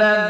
الذي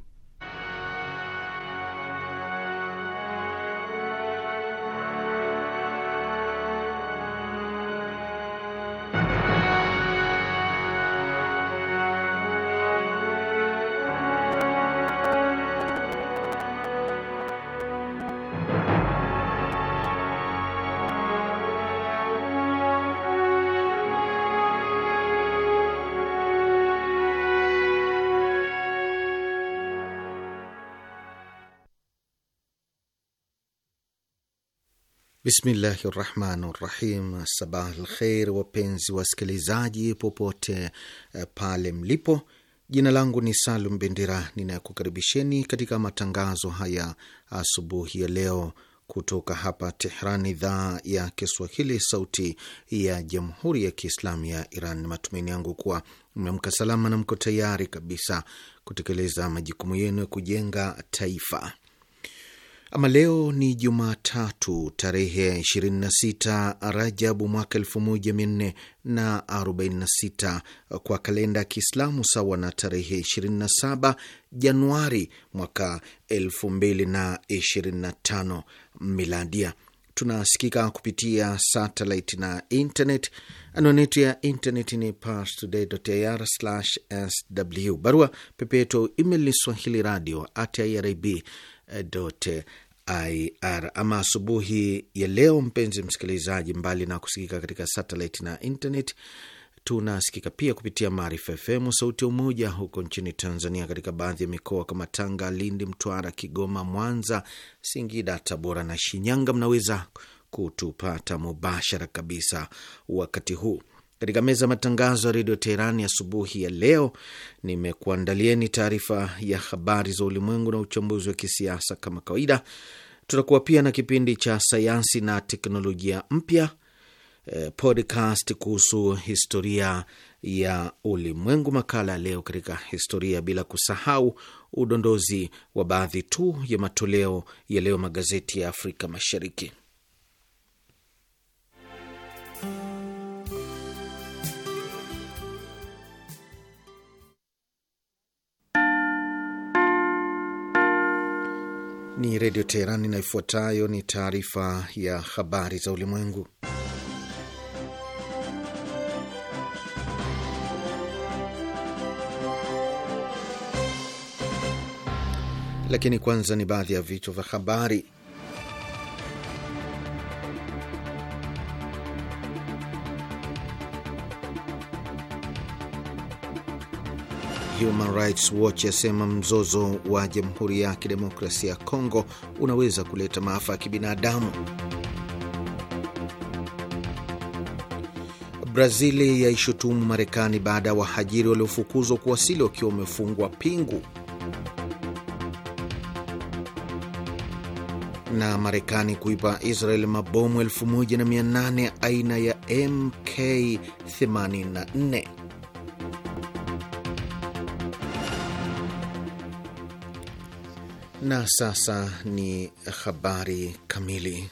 Bismillahi rahmani rahim. Sabah alkheir, wapenzi wasikilizaji popote eh, pale mlipo. Jina langu ni Salum Bendera ninayekukaribisheni katika matangazo haya asubuhi ya leo kutoka hapa Tehran, idhaa ya Kiswahili, sauti ya jamhuri ya kiislamu ya Iran. ni Matumaini yangu kuwa mmeamka salama na mko tayari kabisa kutekeleza majukumu yenu ya kujenga taifa. Ama leo ni Jumatatu tarehe 26 Rajabu mwaka 1446 kwa kalenda ya Kiislamu, sawa na tarehe 27 Januari mwaka 2025 miladia. Tunasikika kupitia satellite na internet. Anwani ya internet ni parstoday.ir/sw, barua pepeto email ni swahili radio at irib ir. Ama asubuhi ya leo, mpenzi msikilizaji, mbali na kusikika katika satellite na internet, tunasikika pia kupitia Maarifa FM sauti ya Umoja huko nchini Tanzania, katika baadhi ya mikoa kama Tanga, Lindi, Mtwara, Kigoma, Mwanza, Singida, Tabora na Shinyanga. Mnaweza kutupata mubashara kabisa wakati huu katika meza ya matangazo ya redio teheran asubuhi ya, ya leo nimekuandalieni taarifa ya habari za ulimwengu na uchambuzi wa kisiasa kama kawaida. Tutakuwa pia na kipindi cha sayansi na teknolojia mpya, eh, podcast kuhusu historia ya ulimwengu, makala ya leo katika historia, bila kusahau udondozi wa baadhi tu ya matoleo ya leo magazeti ya Afrika Mashariki. Ni Redio Teherani na ifuatayo ni taarifa ya habari za ulimwengu, lakini kwanza ni baadhi ya vichwa vya habari. Human Rights Watch yasema mzozo wa Jamhuri ya Kidemokrasia ya Kongo unaweza kuleta maafa ya kibinadamu. Brazili yaishutumu Marekani baada ya wahajiri waliofukuzwa kuwasili wakiwa wamefungwa pingu. Na Marekani kuipa Israel mabomu 1800 aina ya MK84. Na sasa ni habari kamili.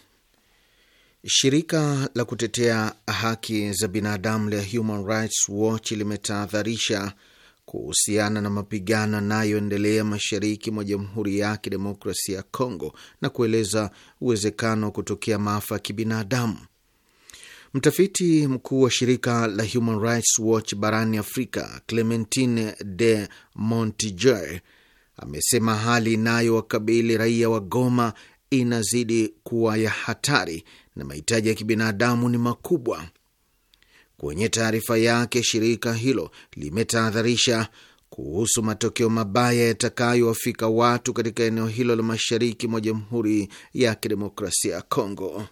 Shirika la kutetea haki za binadamu la Human Rights Watch limetahadharisha kuhusiana na mapigano yanayoendelea mashariki mwa Jamhuri ya Kidemokrasia ya Kongo na kueleza uwezekano wa kutokea maafa ya kibinadamu. Mtafiti mkuu wa shirika la Human Rights Watch barani Afrika, Clementine de Montjoie amesema hali inayowakabili raia wa Goma inazidi kuwa ya hatari na mahitaji ya kibinadamu ni makubwa. Kwenye taarifa yake, shirika hilo limetahadharisha kuhusu matokeo mabaya yatakayowafika watu katika eneo hilo la mashariki mwa Jamhuri ya Kidemokrasia ya Kongo.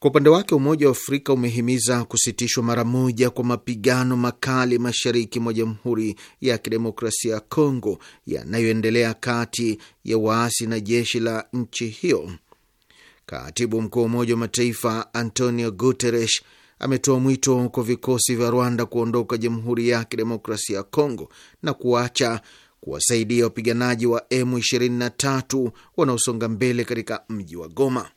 Kwa upande wake Umoja wa Afrika umehimiza kusitishwa mara moja kwa mapigano makali mashariki mwa Jamhuri ya Kidemokrasia ya Kongo yanayoendelea kati ya waasi na jeshi la nchi hiyo. Katibu mkuu wa Umoja wa Mataifa Antonio Guterres ametoa mwito kwa vikosi vya Rwanda kuondoka Jamhuri ya Kidemokrasia ya Kongo na kuacha kuwasaidia wapiganaji wa M23 wanaosonga mbele katika mji wa Goma.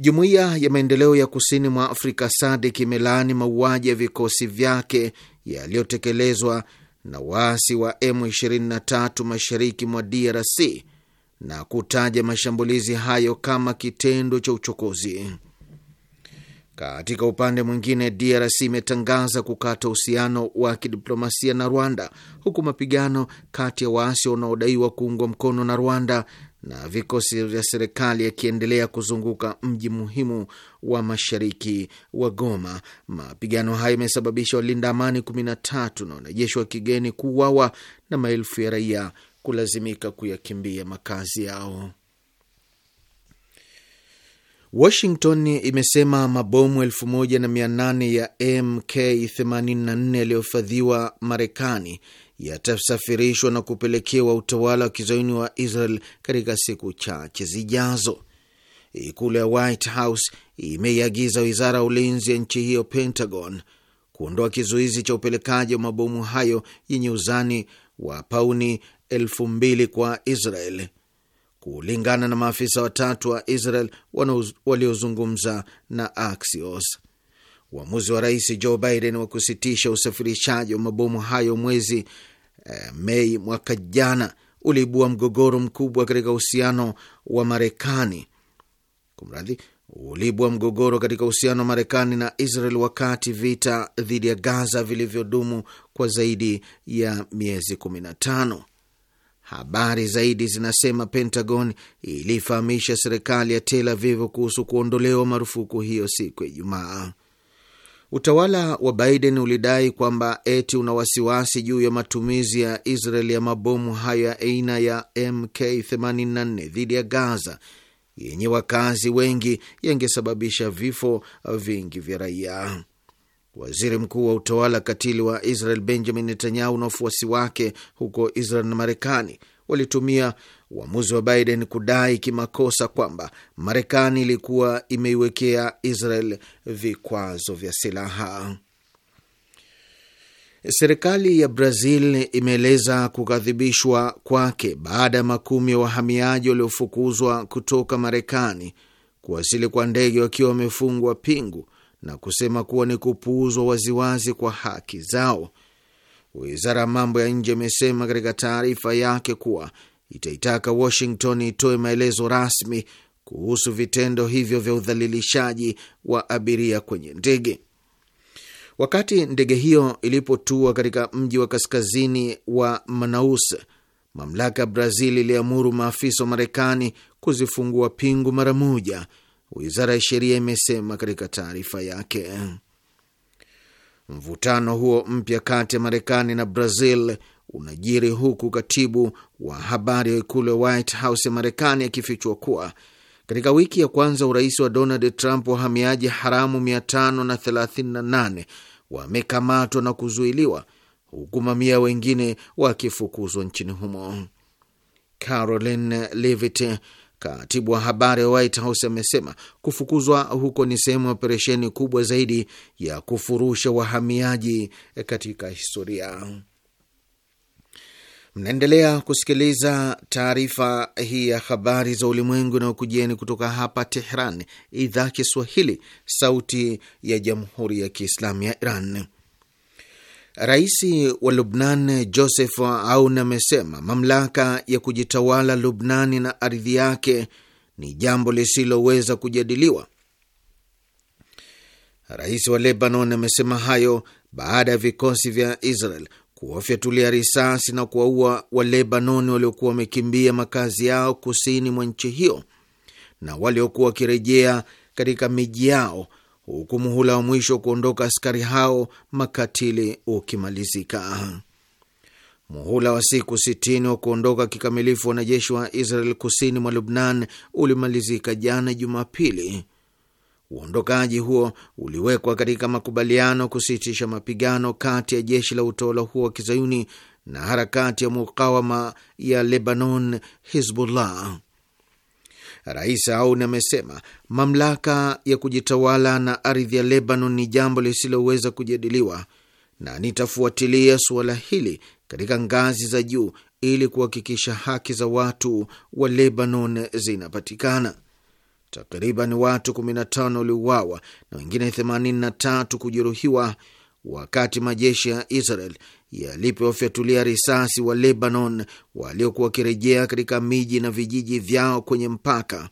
Jumuiya ya maendeleo ya kusini mwa Afrika SADC imelaani mauaji ya vikosi vyake yaliyotekelezwa na waasi wa M23 mashariki mwa DRC na kutaja mashambulizi hayo kama kitendo cha uchokozi. Katika upande mwingine, DRC imetangaza kukata uhusiano wa kidiplomasia na Rwanda, huku mapigano kati ya waasi wanaodaiwa kuungwa mkono na Rwanda na vikosi vya serikali yakiendelea kuzunguka mji muhimu wa mashariki wa Goma. Mapigano hayo yamesababisha walinda amani 13 na wanajeshi wa kigeni kuuawa na maelfu ya raia kulazimika kuyakimbia makazi yao. Washington imesema mabomu 1800 ya MK84 yaliyofadhiwa Marekani yatasafirishwa na kupelekewa utawala wa kizayuni wa Israel katika siku chache zijazo. Ikulu ya White House imeiagiza wizara ya ulinzi ya nchi hiyo, Pentagon, kuondoa kizuizi cha upelekaji wa mabomu hayo yenye uzani wa pauni elfu mbili kwa Israel kulingana na maafisa watatu wa Israel waliozungumza na Axios. Uamuzi wa rais Joe Biden wa kusitisha usafirishaji wa mabomu hayo mwezi eh, Mei mwaka jana uliibua mgogoro mkubwa katika uhusiano wa Marekani. Kumradhi, uliibua mgogoro katika uhusiano wa Marekani na Israel wakati vita dhidi ya Gaza vilivyodumu kwa zaidi ya miezi tano. Habari zaidi zinasema Pentagon ilifahamisha serikali ya Tel Aviv kuhusu kuondolewa marufuku hiyo siku ya Ijumaa. Utawala wa Biden ulidai kwamba eti una wasiwasi juu ya matumizi ya Israel ya mabomu hayo ya aina ya MK84 dhidi ya Gaza yenye wakazi wengi yangesababisha vifo vingi vya raia. Waziri mkuu wa utawala katili wa Israel Benjamin Netanyahu na wafuasi wake huko Israel na Marekani walitumia uamuzi wa Biden kudai kimakosa kwamba Marekani ilikuwa imeiwekea Israel vikwazo vya silaha. Serikali ya Brazil imeeleza kughadhibishwa kwake baada ya makumi ya wahamiaji waliofukuzwa kutoka Marekani kuwasili kwa ndege wakiwa wamefungwa pingu na kusema kuwa ni kupuuzwa waziwazi kwa haki zao. Wizara ya mambo ya nje imesema katika taarifa yake kuwa itaitaka Washington itoe maelezo rasmi kuhusu vitendo hivyo vya udhalilishaji wa abiria kwenye ndege. Wakati ndege hiyo ilipotua katika mji wa kaskazini wa Manaus, mamlaka ya Brazil iliamuru maafisa wa Marekani kuzifungua pingu mara moja wizara ya sheria imesema katika taarifa yake. Mvutano huo mpya kati ya Marekani na Brazil unajiri huku katibu wa habari wa ikulu ya White House ya Marekani akifichwa kuwa katika wiki ya kwanza urais wa Donald Trump wahamiaji haramu 538 wamekamatwa na kuzuiliwa huku mamia wengine wakifukuzwa nchini humo. Caroline Levitt Katibu wa habari wa White House amesema kufukuzwa huko ni sehemu ya operesheni kubwa zaidi ya kufurusha wahamiaji katika historia. Mnaendelea kusikiliza taarifa hii ya habari za ulimwengu inayokujieni kutoka hapa Tehran, idhaa Kiswahili, sauti ya jamhuri ya kiislamu ya Iran. Rais wa Lubnan Joseph Aoun amesema mamlaka ya kujitawala Lubnani na ardhi yake ni jambo lisiloweza kujadiliwa. Rais wa Lebanon amesema hayo baada ya vikosi vya Israel kuwafyatulia risasi na kuwaua Walebanoni waliokuwa wamekimbia makazi yao kusini mwa nchi hiyo na waliokuwa wakirejea katika miji yao huku muhula wa mwisho kuondoka askari hao makatili ukimalizika. Muhula wa siku sitini wa kuondoka kikamilifu wanajeshi wa Israel kusini mwa Lubnan ulimalizika jana Jumapili. Uondokaji huo uliwekwa katika makubaliano kusitisha mapigano kati ya jeshi la utawala huo wa kizayuni na harakati ya mukawama ya Lebanon, Hizbullah. Rais Aoun amesema mamlaka ya kujitawala na ardhi ya Lebanon ni jambo lisiloweza kujadiliwa na nitafuatilia suala hili katika ngazi za juu ili kuhakikisha haki za watu wa Lebanon zinapatikana. Takriban watu 15 waliuawa na wengine 83 kujeruhiwa wakati majeshi ya Israel yalipowafyatulia risasi wa Lebanon waliokuwa wakirejea katika miji na vijiji vyao kwenye mpaka.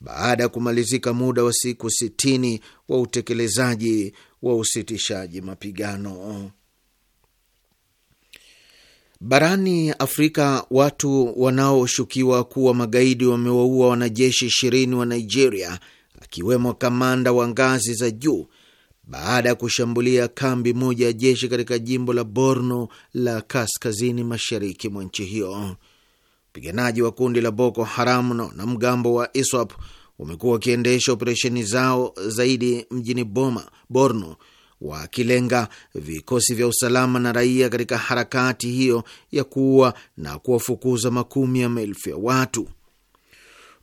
Baada ya kumalizika muda wa siku sitini wa utekelezaji wa usitishaji mapigano barani Afrika, watu wanaoshukiwa kuwa magaidi wamewaua wanajeshi ishirini wa Nigeria, akiwemo kamanda wa ngazi za juu baada ya kushambulia kambi moja ya jeshi katika jimbo la Borno la kaskazini mashariki mwa nchi hiyo. Wapiganaji wa kundi la Boko Haram na mgambo wa ISWAP wamekuwa wakiendesha operesheni zao zaidi mjini Boma, Borno, wakilenga vikosi vya usalama na raia katika harakati hiyo ya kuua na kuwafukuza makumi ya maelfu ya watu.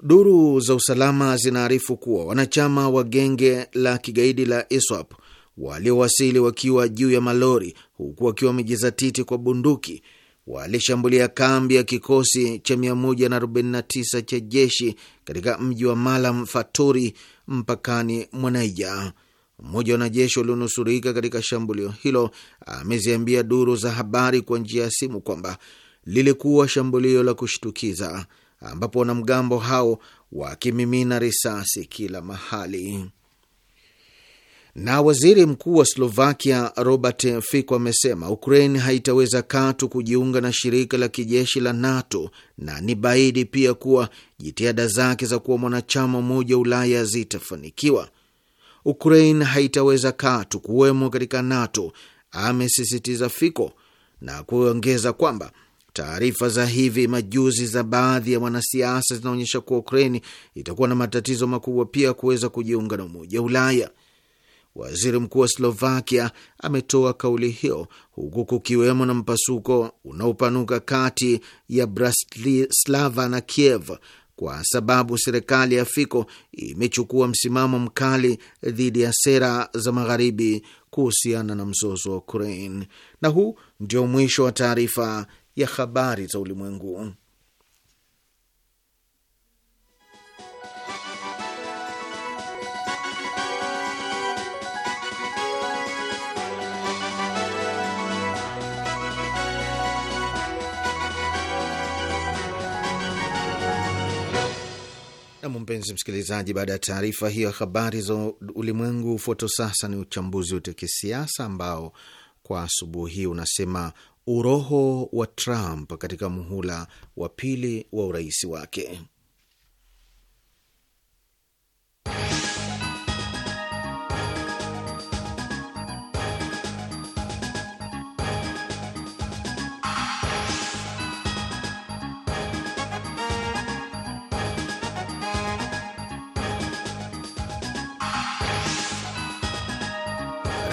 Duru za usalama zinaarifu kuwa wanachama wa genge la kigaidi la ISWAP waliowasili wakiwa juu ya malori huku wakiwa wamejizatiti kwa bunduki walishambulia kambi ya kikosi cha 149 cha jeshi katika mji wa Malam faturi mpakani mwa Naija. Mmoja wa wanajeshi walionusurika katika shambulio hilo ameziambia duru za habari kwa njia ya simu kwamba lilikuwa shambulio la kushtukiza ambapo wanamgambo hao wakimimina risasi kila mahali. Na waziri mkuu wa Slovakia Robert Fico amesema Ukraine haitaweza katu kujiunga na shirika la kijeshi la NATO na ni baidi pia kuwa jitihada zake za kuwa mwanachama mmoja wa Ulaya zitafanikiwa. Ukraine haitaweza katu kuwemo katika NATO, amesisitiza Fico na kuongeza kwamba Taarifa za hivi majuzi za baadhi ya wanasiasa zinaonyesha kuwa Ukraini itakuwa na matatizo makubwa pia kuweza kujiunga na Umoja wa Ulaya. Waziri mkuu wa Slovakia ametoa kauli hiyo huku kukiwemo na mpasuko unaopanuka kati ya Bratislava na Kiev kwa sababu serikali ya Fiko imechukua msimamo mkali dhidi ya sera za Magharibi kuhusiana na mzozo wa Ukraine. Na huu ndio mwisho wa taarifa ya habari za ulimwengu. mpenzi msikilizaji, baada ya taarifa hiyo habari za ulimwengu, ufoto sasa ni uchambuzi wote wa kisiasa ambao kwa asubuhi hii unasema uroho wa Trump katika muhula wa pili wa urais wake.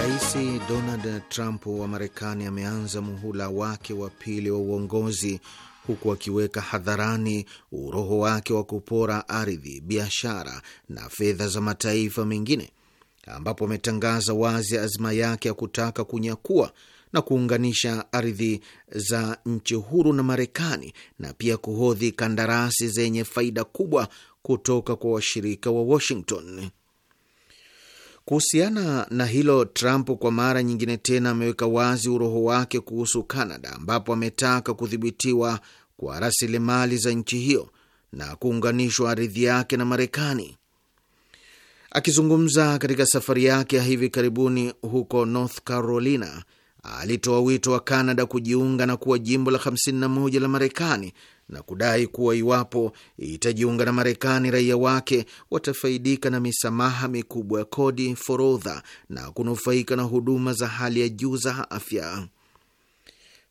Rais Donald Trump wa Marekani ameanza muhula wake wa pili wa uongozi huku akiweka hadharani uroho wake wa kupora ardhi, biashara na fedha za mataifa mengine, ambapo ametangaza wazi azma yake ya kutaka kunyakua na kuunganisha ardhi za nchi huru na Marekani na pia kuhodhi kandarasi zenye faida kubwa kutoka kwa washirika wa Washington. Kuhusiana na hilo, Trump kwa mara nyingine tena ameweka wazi uroho wake kuhusu Canada, ambapo ametaka kudhibitiwa kwa rasilimali za nchi hiyo na kuunganishwa ardhi yake na Marekani. Akizungumza katika safari yake ya hivi karibuni huko North Carolina, alitoa wito wa Canada kujiunga na kuwa jimbo la 51 la Marekani na kudai kuwa iwapo itajiunga na Marekani, raia wake watafaidika na misamaha mikubwa ya kodi, forodha na kunufaika na huduma za hali ya juu za afya.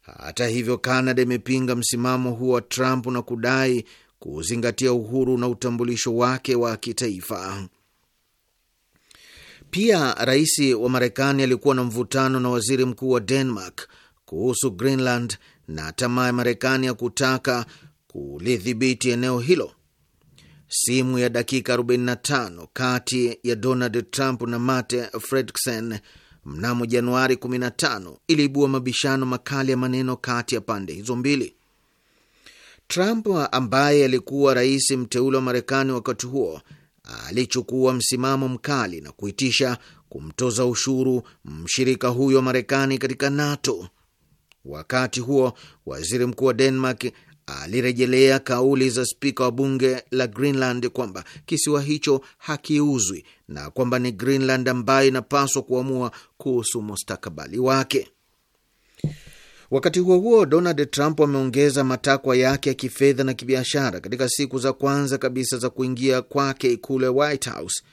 Hata hivyo, Kanada imepinga msimamo huo wa Trump na kudai kuzingatia uhuru na utambulisho wake wa kitaifa. Pia rais wa Marekani alikuwa na mvutano na waziri mkuu wa Denmark kuhusu Greenland na tamaa ya Marekani ya kutaka kulidhibiti eneo hilo. Simu ya dakika 45 kati ya Donald Trump na Mate Fredriksen mnamo Januari 15 iliibua mabishano makali ya maneno kati ya pande hizo mbili. Trump ambaye alikuwa rais mteule wa Marekani wakati huo alichukua msimamo mkali na kuitisha kumtoza ushuru mshirika huyo wa Marekani katika NATO. Wakati huo waziri mkuu wa Denmark alirejelea kauli za spika wa bunge la Greenland kwamba kisiwa hicho hakiuzwi na kwamba ni Greenland ambayo inapaswa kuamua kuhusu mustakabali wake. Wakati huo huo, Donald Trump ameongeza matakwa yake ya kifedha na kibiashara katika siku za kwanza kabisa za kuingia kwake ikulu ya White House.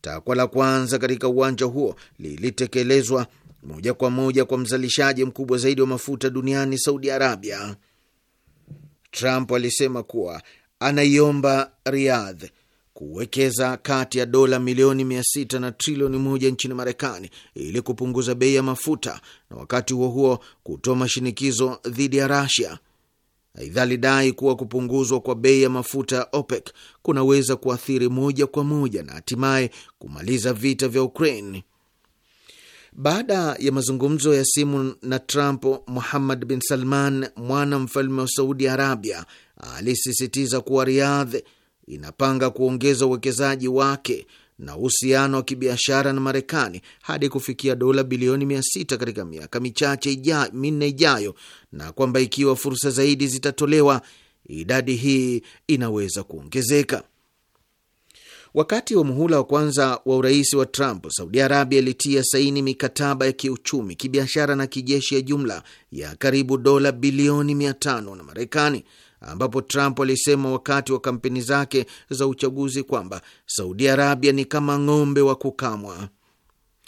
Takwa la kwanza katika uwanja huo lilitekelezwa moja kwa moja kwa mzalishaji mkubwa zaidi wa mafuta duniani, Saudi Arabia. Trump alisema kuwa anaiomba Riyadh kuwekeza kati ya dola milioni mia sita na trilioni moja nchini Marekani ili kupunguza bei ya mafuta na wakati huo huo kutoa mashinikizo dhidi ya Rasia. Aidha, alidai kuwa kupunguzwa kwa bei ya mafuta ya OPEC kunaweza kuathiri moja kwa moja na hatimaye kumaliza vita vya Ukraine. Baada ya mazungumzo ya simu na Trump, Muhammad bin Salman, mwana mfalme wa Saudi Arabia, alisisitiza kuwa Riyadh inapanga kuongeza uwekezaji wake na uhusiano wa kibiashara na Marekani hadi kufikia dola bilioni mia sita katika miaka michache ija, minne ijayo, na kwamba ikiwa fursa zaidi zitatolewa, idadi hii inaweza kuongezeka. Wakati wa muhula wa kwanza wa urais wa Trump, Saudi Arabia ilitia saini mikataba ya kiuchumi, kibiashara na kijeshi ya jumla ya karibu dola bilioni 500 na Marekani, ambapo Trump alisema wakati wa kampeni zake za uchaguzi kwamba Saudi Arabia ni kama ng'ombe wa kukamwa.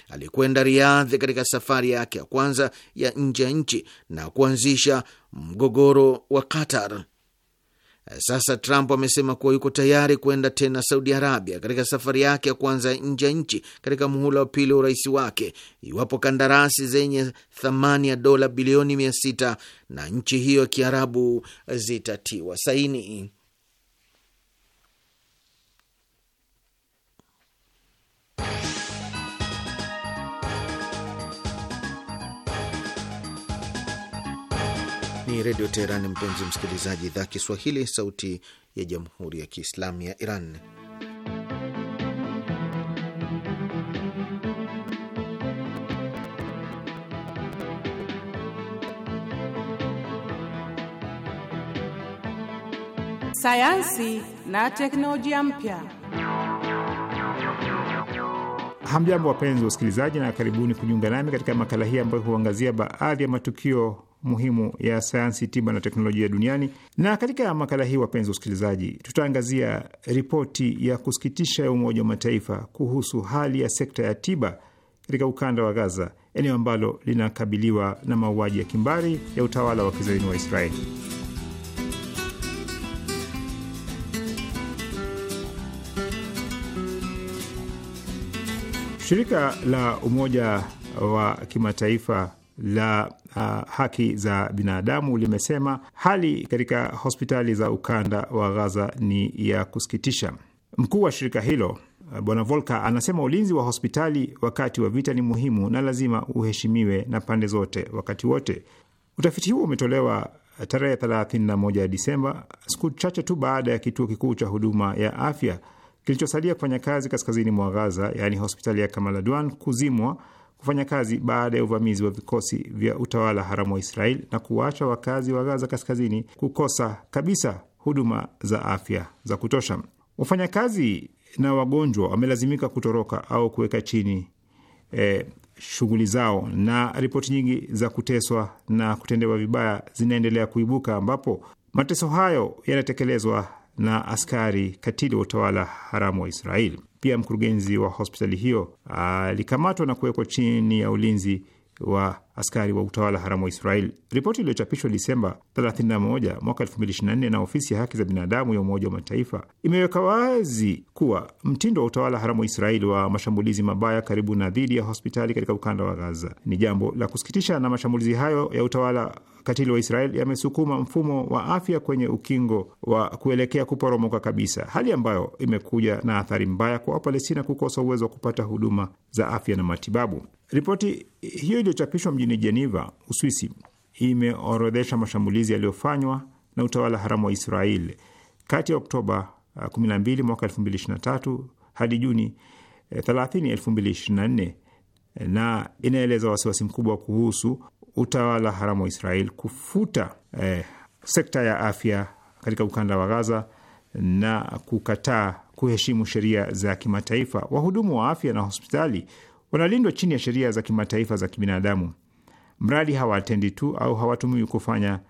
Alikwenda Riadhi katika safari yake ya kwanza ya nje ya nchi na kuanzisha mgogoro wa Qatar. Sasa Trump amesema kuwa yuko tayari kuenda tena Saudi Arabia katika safari yake ya kwanza nje ya nchi katika muhula wa pili wa urais wake, iwapo kandarasi zenye thamani ya dola bilioni mia sita na nchi hiyo ya Kiarabu zitatiwa saini. Ni Redio Teherani, mpenzi msikilizaji, idhaa Kiswahili, sauti ya jamhuri ya kiislamu ya Iran. Sayansi na teknolojia mpya. Hamjambo wapenzi wa usikilizaji, na karibuni kujiunga nami katika makala hii ambayo huangazia baadhi ya matukio muhimu ya sayansi tiba na teknolojia duniani. Na katika makala hii, wapenzi wasikilizaji, tutaangazia ripoti ya kusikitisha ya Umoja wa Mataifa kuhusu hali ya sekta ya tiba katika ukanda wa Gaza, eneo ambalo linakabiliwa na mauaji ya kimbari ya utawala wa kizayuni wa Israeli. Shirika la Umoja wa Kimataifa la uh, haki za binadamu limesema hali katika hospitali za ukanda wa Gaza ni ya kusikitisha. Mkuu wa shirika hilo Bwana Volka anasema ulinzi wa hospitali wakati wa vita ni muhimu na lazima uheshimiwe na pande zote wakati wote. Utafiti huo umetolewa tarehe 31 Disemba, siku chache tu baada ya kituo kikuu cha huduma ya afya kilichosalia kufanya kazi kaskazini mwa Gaza, yaani hospitali ya Kamal kuzimwa kufanya kazi baada ya uvamizi wa vikosi vya utawala haramu wa Israel na kuwaacha wakazi wa Gaza kaskazini kukosa kabisa huduma za afya za kutosha. Wafanyakazi na wagonjwa wamelazimika kutoroka au kuweka chini eh, shughuli zao, na ripoti nyingi za kuteswa na kutendewa vibaya zinaendelea kuibuka, ambapo mateso hayo yanatekelezwa na askari katili wa utawala haramu wa Israeli. Pia mkurugenzi wa hospitali hiyo ah, alikamatwa na kuwekwa chini ya ulinzi wa askari wa utawala haramu wa israel Ripoti iliyochapishwa Disemba 31 mwaka 2024 na ofisi ya haki za binadamu ya Umoja wa Mataifa imeweka wazi kuwa mtindo wa utawala haramu wa Israeli wa mashambulizi mabaya karibu na dhidi ya hospitali katika ukanda wa Gaza ni jambo la kusikitisha, na mashambulizi hayo ya utawala katili wa Israel yamesukuma mfumo wa afya kwenye ukingo wa kuelekea kuporomoka kabisa, hali ambayo imekuja na athari mbaya kwa Wapalestina kukosa uwezo wa kupata huduma za afya na matibabu. Ripoti hiyo iliyochapishwa mjini Jeneva, Uswisi, imeorodhesha mashambulizi yaliyofanywa na utawala haramu wa Israel kati ya Oktoba 12 uh, mwaka 2023 hadi Juni 30, eh, 2024 na inaeleza wasiwasi mkubwa kuhusu utawala haramu wa Israel kufuta eh, sekta ya afya katika ukanda wa Gaza na kukataa kuheshimu sheria za kimataifa. Wahudumu wa afya na hospitali wanalindwa chini ya sheria za kimataifa za kibinadamu, mradi hawatendi tu au hawatumii kufanya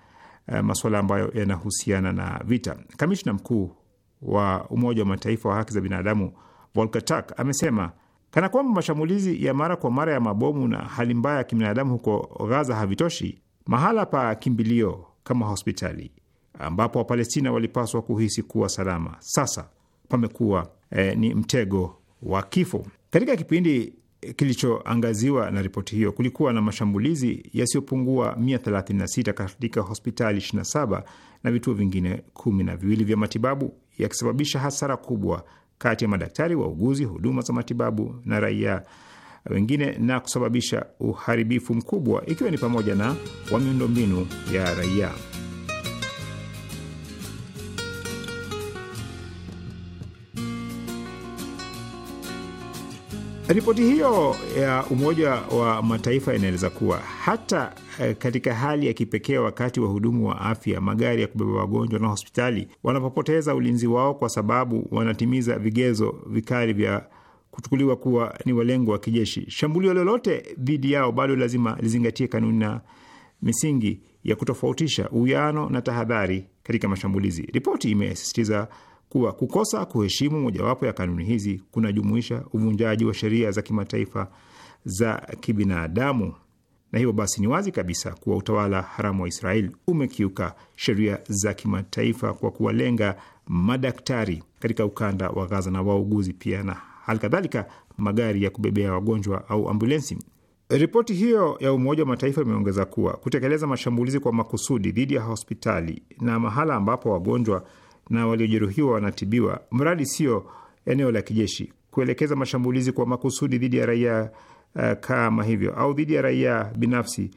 eh, masuala ambayo yanahusiana na vita. Kamishna mkuu wa Umoja wa Mataifa wa haki za binadamu Volker Turk amesema Kana kwamba mashambulizi ya mara kwa mara ya mabomu na hali mbaya ya kibinadamu huko Gaza havitoshi, mahala pa kimbilio kama hospitali ambapo Wapalestina walipaswa kuhisi kuwa salama, sasa pamekuwa eh, ni mtego wa kifo. Katika kipindi kilichoangaziwa na ripoti hiyo, kulikuwa na mashambulizi yasiyopungua 136 katika hospitali 27 na vituo vingine kumi na viwili vya matibabu yakisababisha hasara kubwa kati ya madaktari, wauguzi, huduma za matibabu na raia wengine na kusababisha uharibifu mkubwa, ikiwa ni pamoja na wa miundombinu ya raia. Ripoti hiyo ya Umoja wa Mataifa inaeleza kuwa hata eh, katika hali ya kipekee, wakati wahudumu wa afya, magari ya kubeba wagonjwa na hospitali wanapopoteza ulinzi wao kwa sababu wanatimiza vigezo vikali vya kuchukuliwa kuwa ni walengo wa kijeshi, shambulio lolote dhidi yao bado lazima lizingatie kanuni na misingi ya kutofautisha, uwiano na tahadhari katika mashambulizi. Ripoti imesisitiza kuwa kukosa kuheshimu mojawapo ya kanuni hizi kunajumuisha uvunjaji wa sheria za kimataifa za kibinadamu, na hivyo basi ni wazi kabisa kuwa utawala haramu wa Israel umekiuka sheria za kimataifa kwa kuwalenga madaktari katika ukanda wa Gaza na wauguzi pia na halikadhalika magari ya kubebea wagonjwa au ambulensi. Ripoti hiyo ya Umoja wa Mataifa imeongeza kuwa kutekeleza mashambulizi kwa makusudi dhidi ya hospitali na mahala ambapo wagonjwa na waliojeruhiwa wanatibiwa, mradi sio eneo la kijeshi. Kuelekeza mashambulizi kwa makusudi dhidi ya raia uh, kama hivyo au dhidi ya raia binafsi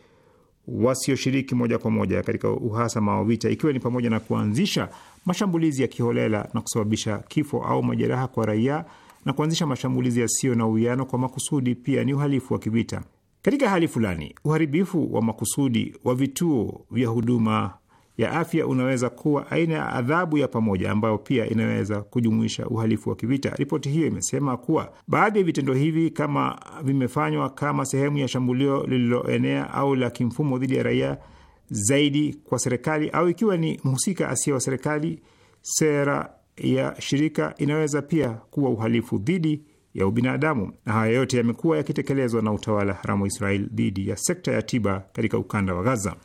wasioshiriki moja kwa moja katika uhasama wa vita, ikiwa ni pamoja na kuanzisha mashambulizi ya kiholela na kusababisha kifo au majeraha kwa raia na kuanzisha mashambulizi yasiyo na uwiano kwa makusudi, pia ni uhalifu wa kivita. Katika hali fulani, uharibifu wa makusudi wa vituo vya huduma ya afya unaweza kuwa aina ya adhabu ya pamoja ambayo pia inaweza kujumuisha uhalifu wa kivita. Ripoti hiyo imesema kuwa baadhi ya vitendo hivi kama vimefanywa kama sehemu ya shambulio lililoenea au la kimfumo dhidi ya raia zaidi kwa serikali au ikiwa ni mhusika asiye wa serikali, sera ya shirika inaweza pia kuwa uhalifu dhidi ya ubinadamu, na haya yote yamekuwa yakitekelezwa na utawala haramu wa Israel dhidi ya sekta ya tiba katika ukanda wa Gaza.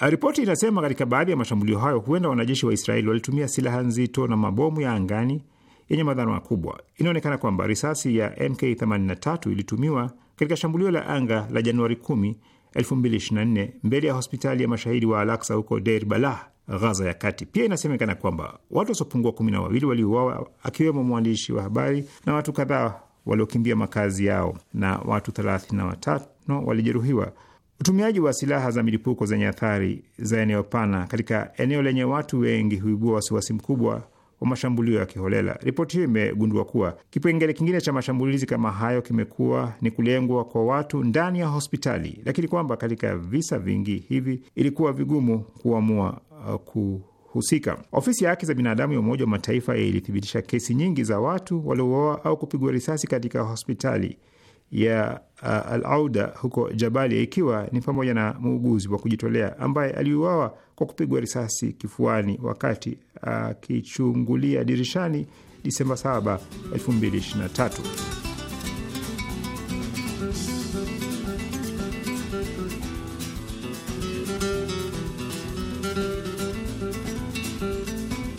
Ah, ripoti inasema katika baadhi ya mashambulio hayo huenda wanajeshi wa Israeli walitumia silaha nzito na mabomu ya angani yenye madhara makubwa. Inaonekana kwamba risasi ya MK83 ilitumiwa katika shambulio la anga la Januari 10, 2024 mbele ya hospitali ya mashahidi wa Alaksa huko Deir Balah, Ghaza ya kati. Pia inasemekana kwamba watu wasiopungua kumi na wawili waliuawa akiwemo mwandishi wa habari na watu kadhaa waliokimbia makazi yao na watu 33 walijeruhiwa. Utumiaji wa silaha za milipuko zenye athari za eneo pana katika eneo lenye watu wengi huibua wasiwasi mkubwa wa mashambulio ya kiholela. Ripoti hiyo imegundua kuwa kipengele kingine cha mashambulizi kama hayo kimekuwa ni kulengwa kwa watu ndani ya hospitali, lakini kwamba katika visa vingi hivi ilikuwa vigumu kuamua uh, ku husika. Ofisi ya haki za binadamu ya Umoja wa Mataifa ilithibitisha kesi nyingi za watu waliouawa au kupigwa risasi katika hospitali ya uh, Alauda huko Jabalia, ikiwa ni pamoja na muuguzi wa kujitolea ambaye aliuawa kwa kupigwa risasi kifuani wakati akichungulia uh, dirishani Disemba 7, 2023.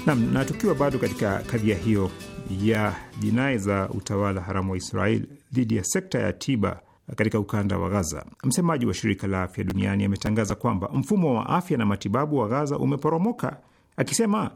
Nam, na tukiwa bado katika kadhia hiyo ya jinai za utawala haramu wa Israel, dhidi ya sekta ya tiba katika ukanda wa Gaza. Msemaji wa shirika la afya duniani ametangaza kwamba mfumo wa afya na matibabu wa Gaza umeporomoka, akisema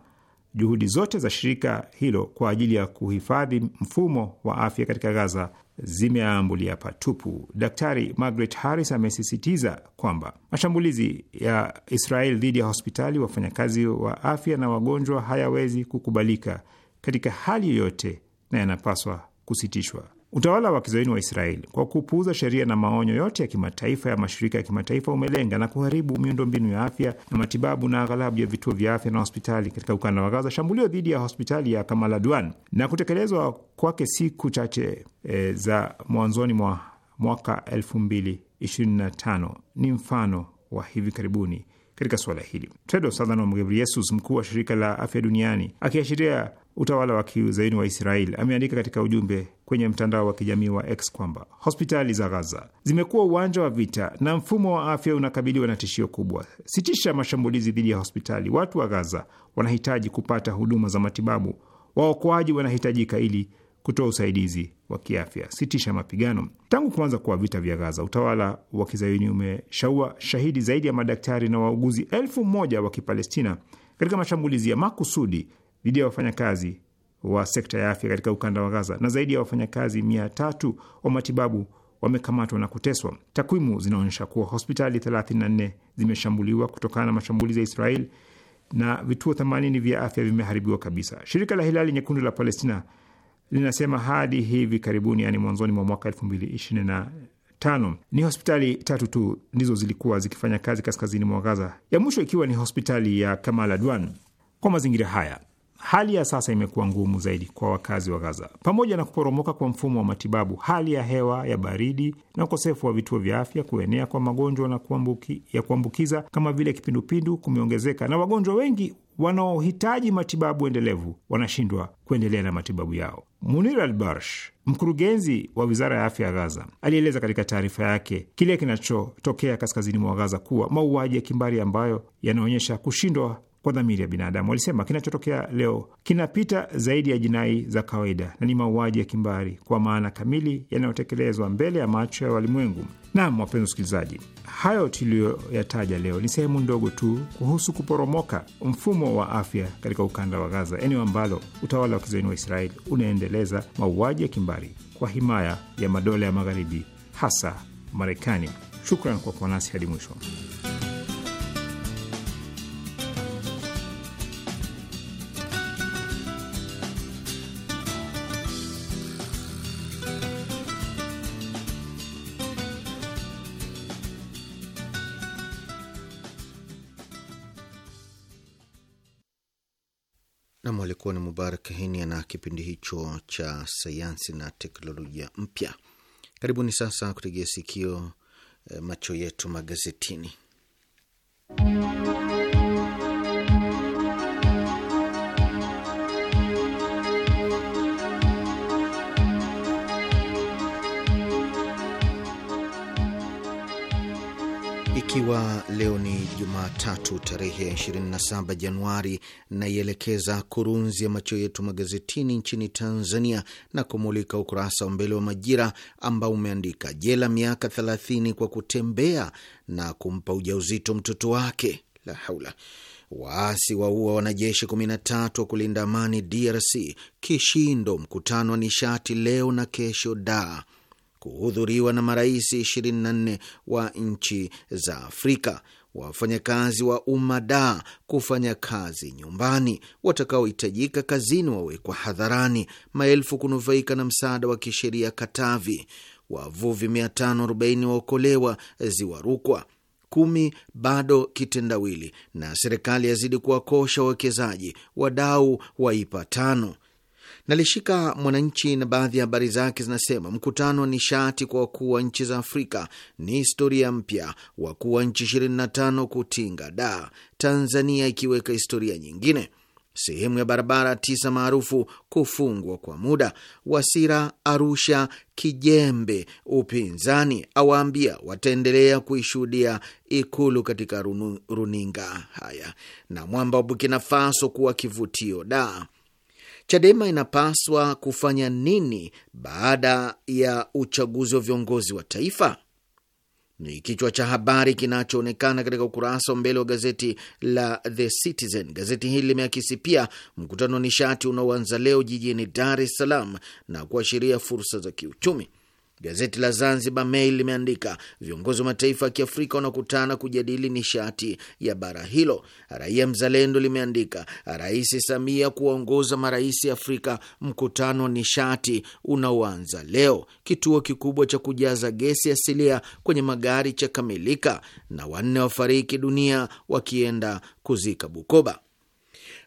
juhudi zote za shirika hilo kwa ajili ya kuhifadhi mfumo wa afya katika Gaza zimeambulia patupu. Daktari Margaret Harris amesisitiza kwamba mashambulizi ya Israel dhidi ya hospitali, wafanyakazi wa afya na wagonjwa hayawezi kukubalika katika hali yoyote na yanapaswa kusitishwa. Utawala wa kizaini wa Israeli kwa kupuuza sheria na maonyo yote ya kimataifa ya mashirika ya kimataifa umelenga na kuharibu miundombinu ya afya na matibabu na aghalabu ya vituo vya afya na hospitali katika ukanda wa Gaza. Shambulio dhidi ya hospitali ya Kamal Adwan na kutekelezwa kwake siku chache e, za mwanzoni mwa mwaka 2025 ni mfano wa hivi karibuni katika suala hili. Tedros Adhanom Ghebreyesus, mkuu wa shirika la afya duniani, akiashiria utawala wa kiuzaini wa Israel ameandika katika ujumbe kwenye mtandao wa kijamii wa X kwamba hospitali za Gaza zimekuwa uwanja wa vita na mfumo wa afya unakabiliwa na tishio kubwa. Sitisha mashambulizi dhidi ya hospitali. Watu wa Gaza wanahitaji kupata huduma za matibabu. Waokoaji wanahitajika ili kutoa usaidizi wa kiafya. Sitisha mapigano. Tangu kuanza kwa vita vya Gaza, utawala wa kizayuni umeshaua shahidi zaidi ya madaktari na wauguzi elfu moja wa Kipalestina katika mashambulizi ya makusudi dhidi ya wafanyakazi wa sekta ya afya katika ukanda wa Gaza na zaidi ya wafanyakazi mia tatu wa matibabu wamekamatwa na kuteswa. Takwimu zinaonyesha kuwa hospitali 34 zimeshambuliwa kutokana na mashambulizi ya israel na vituo 80 vya afya vimeharibiwa kabisa. Shirika la Hilali Nyekundu la Palestina linasema hadi hivi karibuni, yani mwanzoni mwa mwaka 2025 ni hospitali tatu tu ndizo zilikuwa zikifanya kazi kaskazini mwa Gaza, ya mwisho ikiwa ni hospitali ya Kamal Adwan. Kwa mazingira haya hali ya sasa imekuwa ngumu zaidi kwa wakazi wa Gaza. Pamoja na kuporomoka kwa mfumo wa matibabu, hali ya hewa ya baridi na ukosefu wa vituo vya afya, kuenea kwa magonjwa na kuambuki, ya kuambukiza kama vile kipindupindu kumeongezeka na wagonjwa wengi wanaohitaji matibabu endelevu wanashindwa kuendelea na matibabu yao. Munir al barsh mkurugenzi wa wizara ya afya ya Gaza, alieleza katika taarifa yake kile kinachotokea kaskazini mwa Gaza kuwa mauaji ya kimbari ambayo yanaonyesha kushindwa kwa dhamiri ya binadamu. Walisema kinachotokea leo kinapita zaidi ya jinai za kawaida na ni mauaji ya kimbari kwa maana kamili yanayotekelezwa mbele ya macho ya walimwengu. Naam, wapenzi wasikilizaji, hayo tuliyoyataja leo ni sehemu ndogo tu kuhusu kuporomoka mfumo wa afya katika ukanda wa Gaza, eneo ambalo utawala wa kizayuni wa Israeli unaendeleza mauaji ya kimbari kwa himaya ya madola ya Magharibi, hasa Marekani. Shukran kwa kuwa nasi hadi mwisho. alikuwa ni Mubarak Hinia na kipindi hicho cha sayansi na teknolojia mpya. Karibuni sasa kutegea sikio eh, macho yetu magazetini Ikiwa leo ni Jumatatu tarehe 27 Januari, naielekeza kurunzi ya macho yetu magazetini nchini Tanzania na kumulika ukurasa wa mbele wa Majira ambao umeandika jela miaka 30 kwa kutembea na kumpa ujauzito mtoto wake. La haula! Waasi waua wanajeshi 13 wa kulinda amani DRC. Kishindo, mkutano wa nishati leo na kesho da kuhudhuriwa na marais 24 wa nchi za Afrika, wafanyakazi wa umma da kufanya kazi nyumbani, watakaohitajika kazini wawekwa hadharani, maelfu kunufaika na msaada wa kisheria Katavi, wavuvi 540 waokolewa ziwa Rukwa, kumi bado kitendawili, na serikali yazidi kuwakosha wawekezaji wadau waipa tano Nalishika Mwananchi na baadhi ya habari zake zinasema: mkutano wa nishati kwa wakuu wa nchi za Afrika ni historia mpya, wakuu wa nchi 25 kutinga da, Tanzania ikiweka historia nyingine sehemu ya barabara tisa maarufu kufungwa kwa muda. Wasira Arusha kijembe, upinzani awaambia wataendelea kuishuhudia Ikulu katika runinga. Haya, na mwamba wa Bukina Faso kuwa kivutio da Chadema inapaswa kufanya nini baada ya uchaguzi wa viongozi wa taifa? Ni kichwa cha habari kinachoonekana katika ukurasa wa mbele wa gazeti la The Citizen. Gazeti hili limeakisi pia mkutano wa nishati unaoanza leo jijini Dar es Salaam na kuashiria fursa za kiuchumi. Gazeti la Zanzibar Mail limeandika viongozi wa mataifa ya kiafrika wanakutana kujadili nishati ya bara hilo. Raia Mzalendo limeandika Rais Samia kuwaongoza marais Afrika mkutano wa nishati unaoanza leo. Kituo kikubwa cha kujaza gesi asilia kwenye magari cha kamilika, na wanne wafariki dunia wakienda kuzika Bukoba.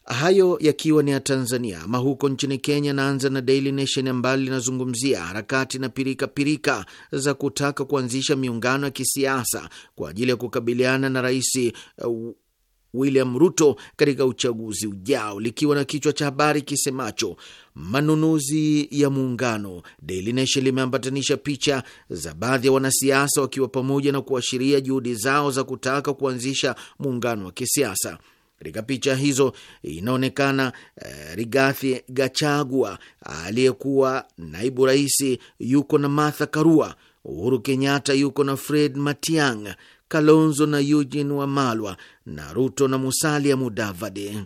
Hayo yakiwa ni ya Tanzania. Ama huko nchini Kenya, naanza na Daily Nation ambalo linazungumzia harakati na pirikapirika pirika za kutaka kuanzisha miungano ya kisiasa kwa ajili ya kukabiliana na rais uh, William Ruto katika uchaguzi ujao, likiwa na kichwa cha habari kisemacho manunuzi ya muungano. Daily Nation limeambatanisha picha za baadhi ya wanasiasa wakiwa pamoja na kuashiria juhudi zao za kutaka kuanzisha muungano wa kisiasa. Katika picha hizo inaonekana eh, Rigathi Gachagua aliyekuwa naibu rais yuko na Martha Karua, Uhuru Kenyatta yuko na Fred Matiang, Kalonzo na Eugene Wamalwa na Ruto na Musalia Mudavadi.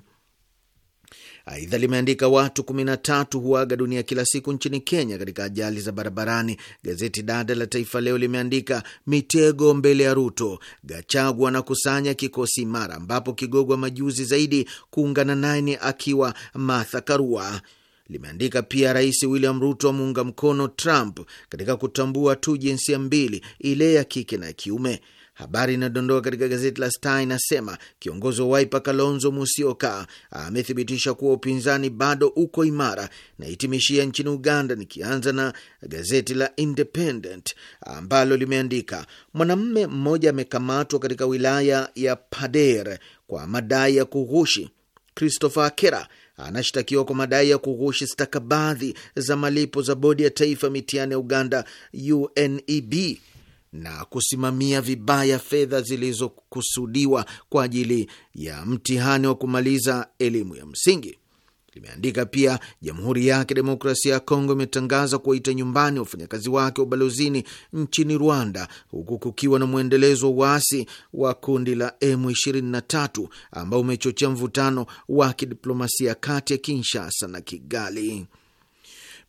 Aidha limeandika watu 13 huaga dunia kila siku nchini Kenya katika ajali za barabarani. Gazeti dada la Taifa Leo limeandika mitego mbele ya Ruto, Gachagu anakusanya kikosi imara, ambapo kigogo majuzi zaidi kuungana naye ni akiwa Martha Karua limeandika pia Rais William Ruto ameunga mkono Trump katika kutambua tu jinsia mbili, ile ya kike na kiume. Habari inayodondoka katika gazeti la Star inasema kiongozi wa Waipa Kalonzo Musyoka amethibitisha kuwa upinzani bado uko imara, na itimishia nchini Uganda, nikianza na gazeti la Independent ambalo limeandika mwanamume mmoja amekamatwa katika wilaya ya Pader kwa madai ya kughushi. Christopher Akera anashtakiwa kwa madai ya kughushi stakabadhi za malipo za bodi ya taifa mitihani ya Uganda, UNEB na kusimamia vibaya fedha zilizokusudiwa kwa ajili ya mtihani wa kumaliza elimu ya msingi. Limeandika pia, Jamhuri ya Kidemokrasia ya Kongo imetangaza kuwaita nyumbani wafanyakazi wake wa ubalozini nchini Rwanda, huku kukiwa na mwendelezo wa uasi wa kundi la M23 ambao umechochea mvutano wa kidiplomasia kati ya Kinshasa na Kigali.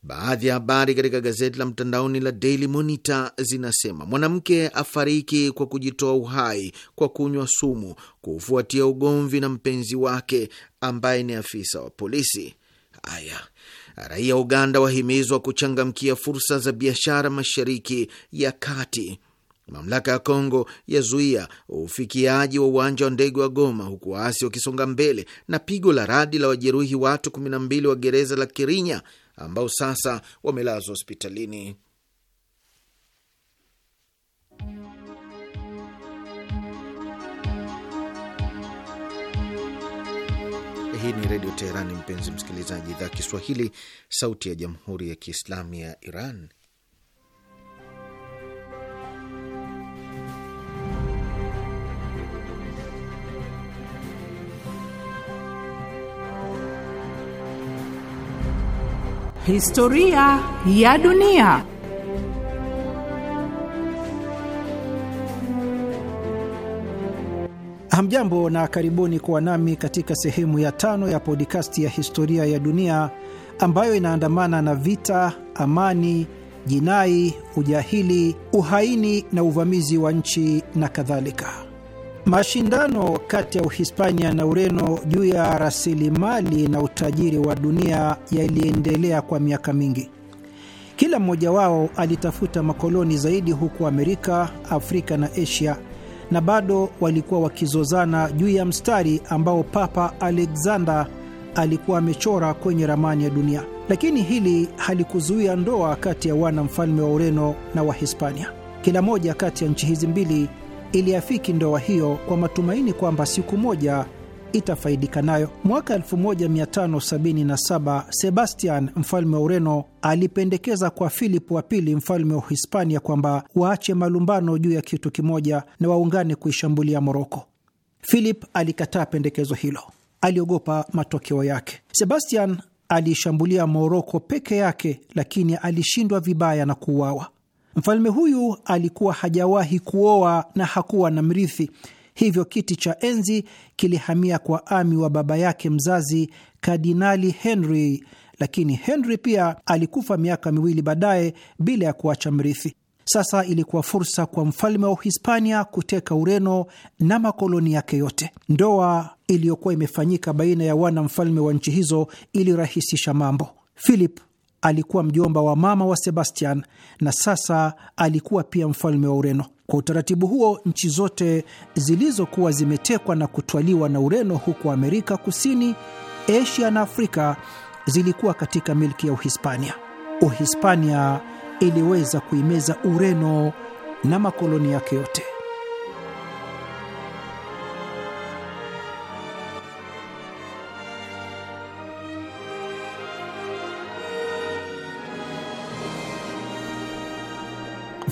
Baadhi ya habari katika gazeti la mtandaoni la Daily Monitor zinasema mwanamke afariki kwa kujitoa uhai kwa kunywa sumu kufuatia ugomvi na mpenzi wake ambaye ni afisa wa polisi. Haya, raia Uganda wahimizwa kuchangamkia fursa za biashara mashariki ya kati. Mamlaka ya Kongo yazuia ufikiaji wa uwanja wa ndege wa Goma huku waasi wakisonga mbele. Na pigo la radi la wajeruhi watu 12 wa gereza la Kirinya ambao sasa wamelazwa hospitalini. Hii ni Redio Teherani, mpenzi msikilizaji, idhaa Kiswahili, sauti ya Jamhuri ya Kiislamu ya Iran. Historia ya dunia. Hamjambo na karibuni kuwa nami katika sehemu ya tano ya podikasti ya historia ya dunia ambayo inaandamana na vita, amani, jinai, ujahili, uhaini na uvamizi wa nchi na kadhalika. Mashindano kati ya Uhispania na Ureno juu ya rasilimali na utajiri wa dunia yaliendelea kwa miaka mingi. Kila mmoja wao alitafuta makoloni zaidi huko Amerika, Afrika na Asia, na bado walikuwa wakizozana juu ya mstari ambao Papa Alexander alikuwa amechora kwenye ramani ya dunia, lakini hili halikuzuia ndoa kati ya wana mfalme wa Ureno na Wahispania. Kila moja kati ya nchi hizi mbili afiki ndoa hiyo kwa matumaini kwamba siku moja itafaidika nayo. Mwaka 1577 Sebastian mfalme wa Ureno alipendekeza kwa philip wa pili mfalme wa Hispania kwamba waache malumbano juu ya kitu kimoja na waungane kuishambulia Moroko. Philip alikataa pendekezo hilo, aliogopa matokeo yake. Sebastian aliishambulia Moroko peke yake, lakini alishindwa vibaya na kuuawa. Mfalme huyu alikuwa hajawahi kuoa na hakuwa na mrithi, hivyo kiti cha enzi kilihamia kwa ami wa baba yake mzazi Kardinali Henry, lakini Henry pia alikufa miaka miwili baadaye bila ya kuacha mrithi. Sasa ilikuwa fursa kwa mfalme wa Uhispania kuteka Ureno na makoloni yake yote. Ndoa iliyokuwa imefanyika baina ya wana mfalme wa nchi hizo ilirahisisha mambo. Philip alikuwa mjomba wa mama wa Sebastian na sasa alikuwa pia mfalme wa Ureno. Kwa utaratibu huo, nchi zote zilizokuwa zimetekwa na kutwaliwa na Ureno huko Amerika Kusini, Asia na Afrika zilikuwa katika milki ya Uhispania. Uhispania iliweza kuimeza Ureno na makoloni yake yote.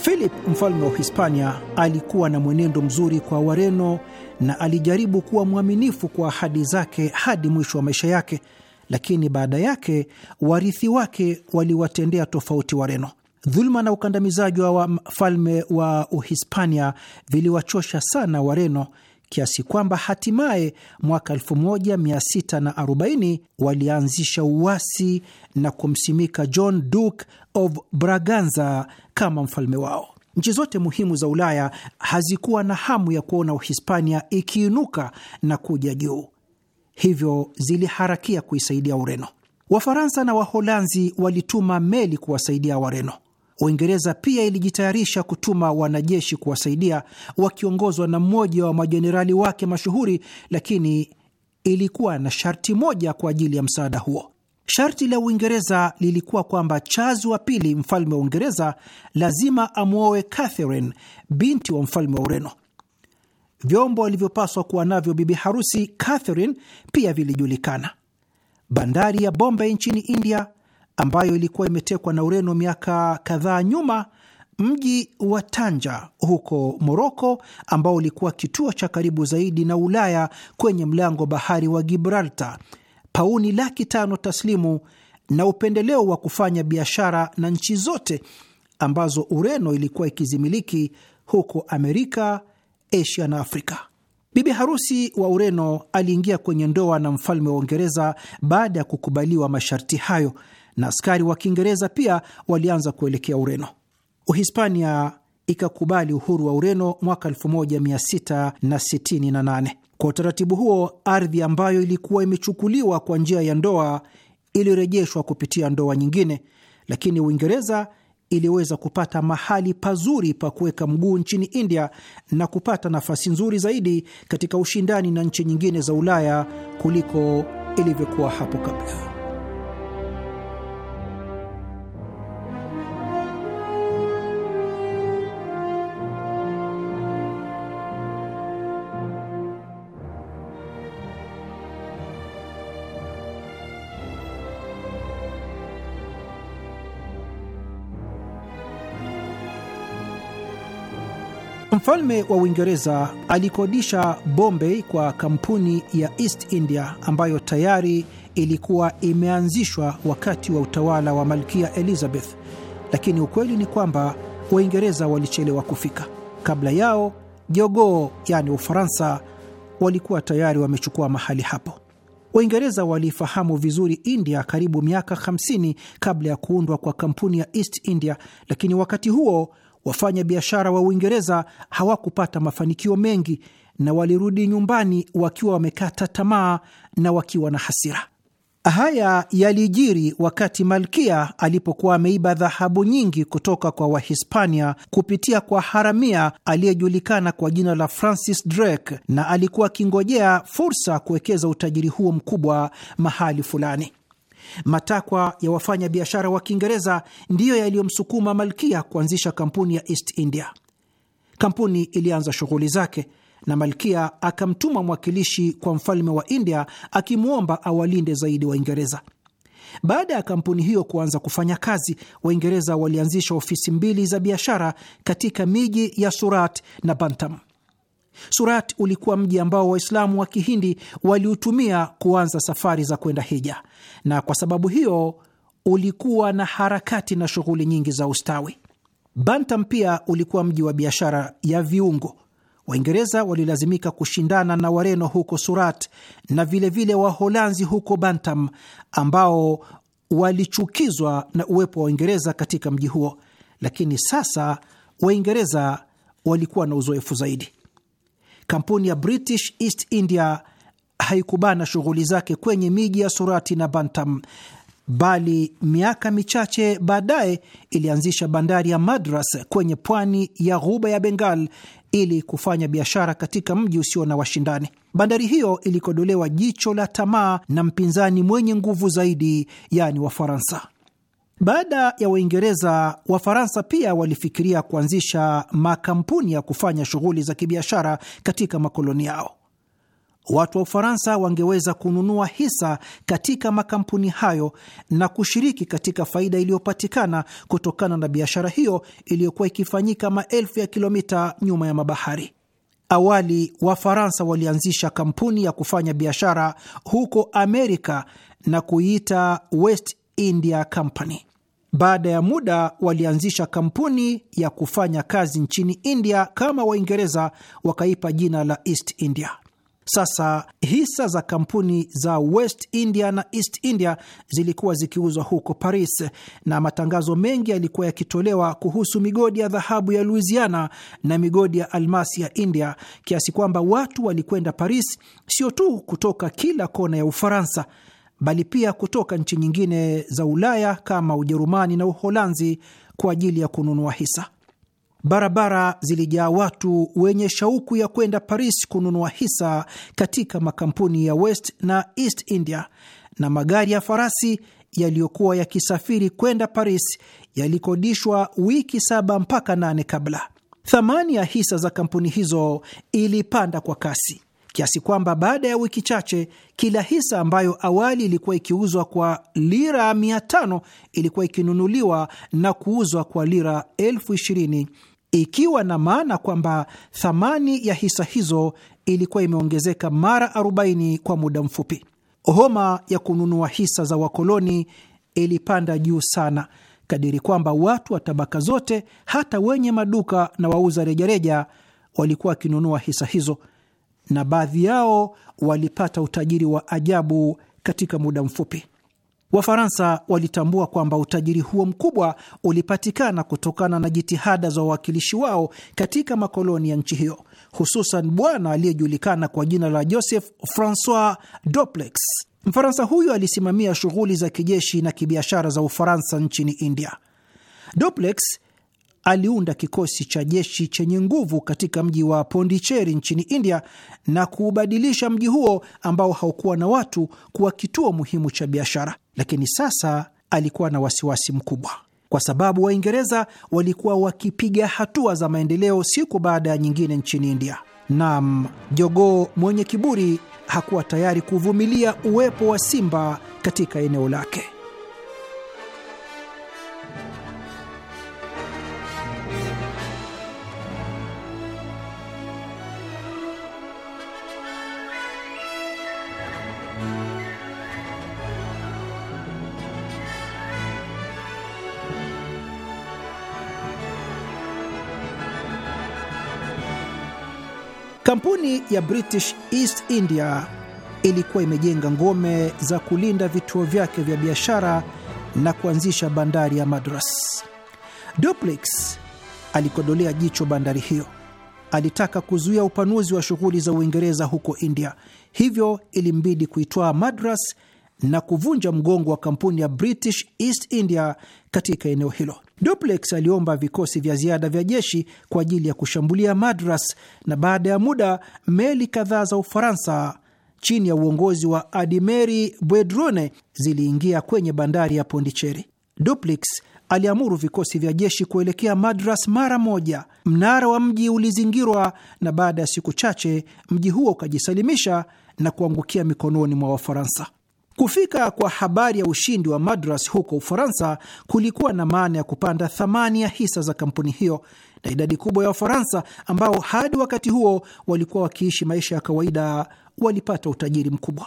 Philip mfalme wa Hispania alikuwa na mwenendo mzuri kwa Wareno na alijaribu kuwa mwaminifu kwa ahadi zake hadi mwisho wa maisha yake, lakini baada yake warithi wake waliwatendea tofauti Wareno. Dhuluma na ukandamizaji wa mfalme wa Uhispania viliwachosha sana Wareno, kiasi kwamba hatimaye mwaka 1640 walianzisha uasi na kumsimika John Duke of Braganza kama mfalme wao. Nchi zote muhimu za Ulaya hazikuwa na hamu ya kuona Uhispania ikiinuka na kuja juu, hivyo ziliharakia kuisaidia Ureno. Wafaransa na Waholanzi walituma meli kuwasaidia Wareno. Uingereza pia ilijitayarisha kutuma wanajeshi kuwasaidia wakiongozwa na mmoja wa majenerali wake mashuhuri, lakini ilikuwa na sharti moja kwa ajili ya msaada huo. Sharti la Uingereza lilikuwa kwamba Charles wa pili, mfalme wa Uingereza, lazima amwoe Catherine, binti wa mfalme wa Ureno. Vyombo alivyopaswa kuwa navyo bibi harusi Catherine pia vilijulikana: bandari ya Bombay nchini India, ambayo ilikuwa imetekwa na Ureno miaka kadhaa nyuma, mji wa Tanja huko Moroko, ambao ulikuwa kituo cha karibu zaidi na Ulaya kwenye mlango bahari wa Gibraltar, pauni laki tano taslimu na upendeleo wa kufanya biashara na nchi zote ambazo Ureno ilikuwa ikizimiliki huko Amerika, Asia na Afrika. Bibi harusi wa Ureno aliingia kwenye ndoa na mfalme wa Uingereza baada ya kukubaliwa masharti hayo, na askari wa Kiingereza pia walianza kuelekea Ureno. Uhispania ikakubali uhuru wa Ureno mwaka 1668. Kwa utaratibu huo, ardhi ambayo ilikuwa imechukuliwa kwa njia ya ndoa ilirejeshwa kupitia ndoa nyingine, lakini Uingereza iliweza kupata mahali pazuri pa kuweka mguu nchini India na kupata nafasi nzuri zaidi katika ushindani na nchi nyingine za Ulaya kuliko ilivyokuwa hapo kabla. Mfalme wa Uingereza alikodisha Bombay kwa kampuni ya East India ambayo tayari ilikuwa imeanzishwa wakati wa utawala wa Malkia Elizabeth, lakini ukweli ni kwamba Waingereza walichelewa kufika. Kabla yao, jogoo yani Ufaransa walikuwa tayari wamechukua mahali hapo. Waingereza walifahamu vizuri India karibu miaka 50 kabla ya kuundwa kwa kampuni ya East India, lakini wakati huo wafanya biashara wa Uingereza hawakupata mafanikio mengi na walirudi nyumbani wakiwa wamekata tamaa na wakiwa na hasira. Haya yalijiri wakati malkia alipokuwa ameiba dhahabu nyingi kutoka kwa Wahispania kupitia kwa haramia aliyejulikana kwa jina la Francis Drake, na alikuwa akingojea fursa kuwekeza utajiri huo mkubwa mahali fulani. Matakwa ya wafanya biashara wa Kiingereza ndiyo yaliyomsukuma Malkia kuanzisha kampuni ya East India. Kampuni ilianza shughuli zake na Malkia akamtuma mwakilishi kwa mfalme wa India akimwomba awalinde zaidi Waingereza. Baada ya kampuni hiyo kuanza kufanya kazi, Waingereza walianzisha ofisi mbili za biashara katika miji ya Surat na Bantam. Surat ulikuwa mji ambao Waislamu wa Kihindi waliutumia kuanza safari za kwenda hija, na kwa sababu hiyo ulikuwa na harakati na shughuli nyingi za ustawi. Bantam pia ulikuwa mji wa biashara ya viungo. Waingereza walilazimika kushindana na Wareno huko Surat na vilevile Waholanzi huko Bantam, ambao walichukizwa na uwepo wa Waingereza katika mji huo, lakini sasa Waingereza walikuwa na uzoefu zaidi kampuni ya British East India haikubana shughuli zake kwenye miji ya Surati na Bantam, bali miaka michache baadaye ilianzisha bandari ya Madras kwenye pwani ya ghuba ya Bengal ili kufanya biashara katika mji usio na washindani. Bandari hiyo ilikodolewa jicho la tamaa na mpinzani mwenye nguvu zaidi, yaani Wafaransa. Baada ya Waingereza, Wafaransa pia walifikiria kuanzisha makampuni ya kufanya shughuli za kibiashara katika makoloni yao. Watu wa Ufaransa wangeweza kununua hisa katika makampuni hayo na kushiriki katika faida iliyopatikana kutokana na biashara hiyo iliyokuwa ikifanyika maelfu ya kilomita nyuma ya mabahari. Awali Wafaransa walianzisha kampuni ya kufanya biashara huko Amerika na kuiita West India Company. Baada ya muda walianzisha kampuni ya kufanya kazi nchini India kama Waingereza, wakaipa jina la East India. Sasa hisa za kampuni za West India na East India zilikuwa zikiuzwa huko Paris, na matangazo mengi yalikuwa yakitolewa kuhusu migodi ya dhahabu ya Louisiana na migodi ya almasi ya India, kiasi kwamba watu walikwenda Paris sio tu kutoka kila kona ya Ufaransa, bali pia kutoka nchi nyingine za Ulaya kama Ujerumani na Uholanzi kwa ajili ya kununua hisa. Barabara zilijaa watu wenye shauku ya kwenda Paris kununua hisa katika makampuni ya West na East India, na magari ya farasi yaliyokuwa yakisafiri kwenda Paris yalikodishwa wiki saba mpaka nane kabla. Thamani ya hisa za kampuni hizo ilipanda kwa kasi kiasi kwamba baada ya wiki chache kila hisa ambayo awali ilikuwa ikiuzwa kwa lira 500 ilikuwa ikinunuliwa na kuuzwa kwa lira elfu ishirini ikiwa na maana kwamba thamani ya hisa hizo ilikuwa imeongezeka mara 40 kwa muda mfupi. Homa ya kununua hisa za wakoloni ilipanda juu sana kadiri kwamba watu wa tabaka zote, hata wenye maduka na wauza rejareja, walikuwa wakinunua hisa hizo na baadhi yao walipata utajiri wa ajabu katika muda mfupi. Wafaransa walitambua kwamba utajiri huo mkubwa ulipatikana kutokana na jitihada za wawakilishi wao katika makoloni ya nchi hiyo, hususan bwana aliyejulikana kwa jina la Joseph Francois Duplex. Mfaransa huyo alisimamia shughuli za kijeshi na kibiashara za Ufaransa nchini India. Duplex aliunda kikosi cha jeshi chenye nguvu katika mji wa Pondicheri nchini India na kuubadilisha mji huo ambao haukuwa na watu kuwa kituo muhimu cha biashara. Lakini sasa alikuwa na wasiwasi mkubwa kwa sababu Waingereza walikuwa wakipiga hatua za maendeleo siku baada ya nyingine nchini India. Naam, jogoo mwenye kiburi hakuwa tayari kuvumilia uwepo wa simba katika eneo lake. Kampuni ya British East India ilikuwa imejenga ngome za kulinda vituo vyake vya biashara na kuanzisha bandari ya Madras. Duplex alikodolea jicho bandari hiyo. Alitaka kuzuia upanuzi wa shughuli za Uingereza huko India, hivyo ilimbidi kuitwaa Madras na kuvunja mgongo wa kampuni ya British East India katika eneo hilo. Duplex aliomba vikosi vya ziada vya jeshi kwa ajili ya kushambulia Madras, na baada ya muda meli kadhaa za Ufaransa chini ya uongozi wa Adimeri Bwedrone ziliingia kwenye bandari ya Pondicheri. Duplex aliamuru vikosi vya jeshi kuelekea Madras mara moja. Mnara wa mji ulizingirwa, na baada ya siku chache mji huo ukajisalimisha na kuangukia mikononi mwa Wafaransa. Kufika kwa habari ya ushindi wa Madras huko Ufaransa kulikuwa na maana ya kupanda thamani ya hisa za kampuni hiyo, na idadi kubwa ya Wafaransa ambao hadi wakati huo walikuwa wakiishi maisha ya kawaida walipata utajiri mkubwa.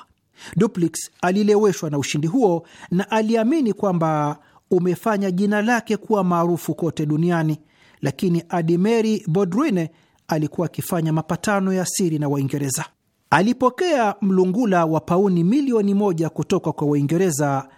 Duplix alileweshwa na ushindi huo na aliamini kwamba umefanya jina lake kuwa maarufu kote duniani, lakini Adimeri Bodruine alikuwa akifanya mapatano ya siri na Waingereza. Alipokea mlungula wa pauni milioni moja kutoka kwa Waingereza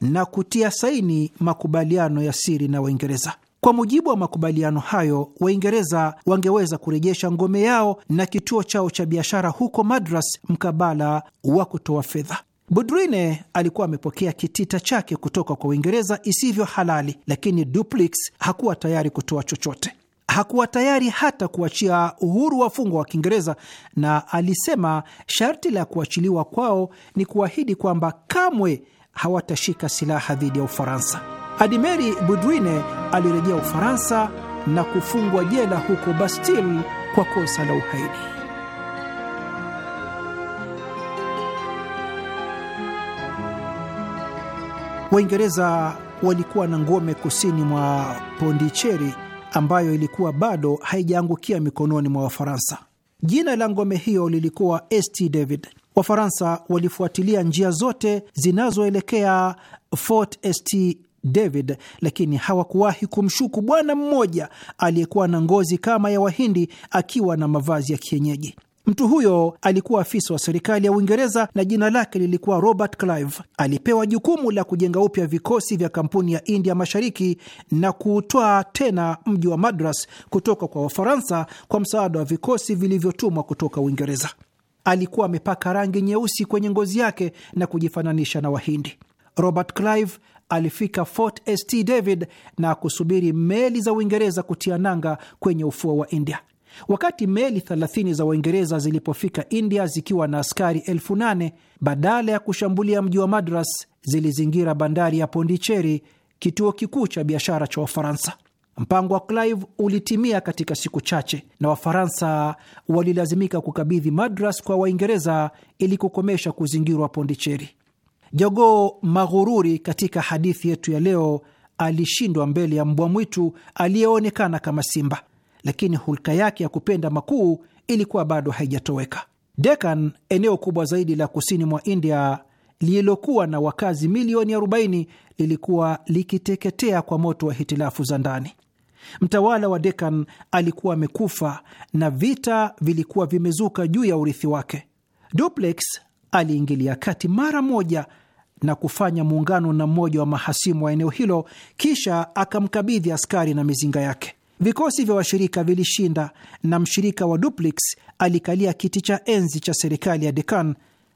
na kutia saini makubaliano ya siri na Waingereza. Kwa mujibu wa makubaliano hayo, Waingereza wangeweza kurejesha ngome yao na kituo chao cha biashara huko Madras mkabala wa kutoa fedha. Budrine alikuwa amepokea kitita chake kutoka kwa Uingereza isivyo halali, lakini Duplix hakuwa tayari kutoa chochote hakuwa tayari hata kuachia uhuru wafungwa wa Kiingereza na alisema sharti la kuachiliwa kwao ni kuahidi kwamba kamwe hawatashika silaha dhidi ya Ufaransa. Adimeri Budwine alirejea Ufaransa na kufungwa jela huko Bastille kwa kosa la uhaini. Waingereza walikuwa na ngome kusini mwa Pondicheri ambayo ilikuwa bado haijaangukia mikononi mwa Wafaransa. Jina la ngome hiyo lilikuwa St David. Wafaransa walifuatilia njia zote zinazoelekea Fort St David, lakini hawakuwahi kumshuku bwana mmoja aliyekuwa na ngozi kama ya Wahindi akiwa na mavazi ya kienyeji. Mtu huyo alikuwa afisa wa serikali ya Uingereza na jina lake lilikuwa Robert Clive. Alipewa jukumu la kujenga upya vikosi vya kampuni ya India Mashariki na kuutoa tena mji wa Madras kutoka kwa Wafaransa kwa msaada wa vikosi vilivyotumwa kutoka Uingereza. Alikuwa amepaka rangi nyeusi kwenye ngozi yake na kujifananisha na Wahindi. Robert Clive alifika Fort St David na kusubiri meli za Uingereza kutia nanga kwenye ufuo wa India. Wakati meli 30 za Uingereza zilipofika India zikiwa na askari elfu nane badala ya kushambulia mji wa Madras, zilizingira bandari ya Pondicheri, kituo kikuu cha biashara cha Wafaransa. Mpango wa Clive ulitimia katika siku chache, na Wafaransa walilazimika kukabidhi Madras kwa Waingereza ili kukomesha kuzingirwa Pondicheri. Jogoo maghururi katika hadithi yetu ya leo alishindwa mbele ya mbwa mwitu aliyeonekana kama simba lakini hulka yake ya kupenda makuu ilikuwa bado haijatoweka. Dekan, eneo kubwa zaidi la kusini mwa India lililokuwa na wakazi milioni 40, lilikuwa likiteketea kwa moto wa hitilafu za ndani. Mtawala wa Dekan alikuwa amekufa na vita vilikuwa vimezuka juu ya urithi wake. Duplex aliingilia kati mara moja na kufanya muungano na mmoja wa mahasimu wa eneo hilo, kisha akamkabidhi askari na mizinga yake. Vikosi vya washirika vilishinda na mshirika wa Duplix alikalia kiti cha enzi cha serikali ya Dekan,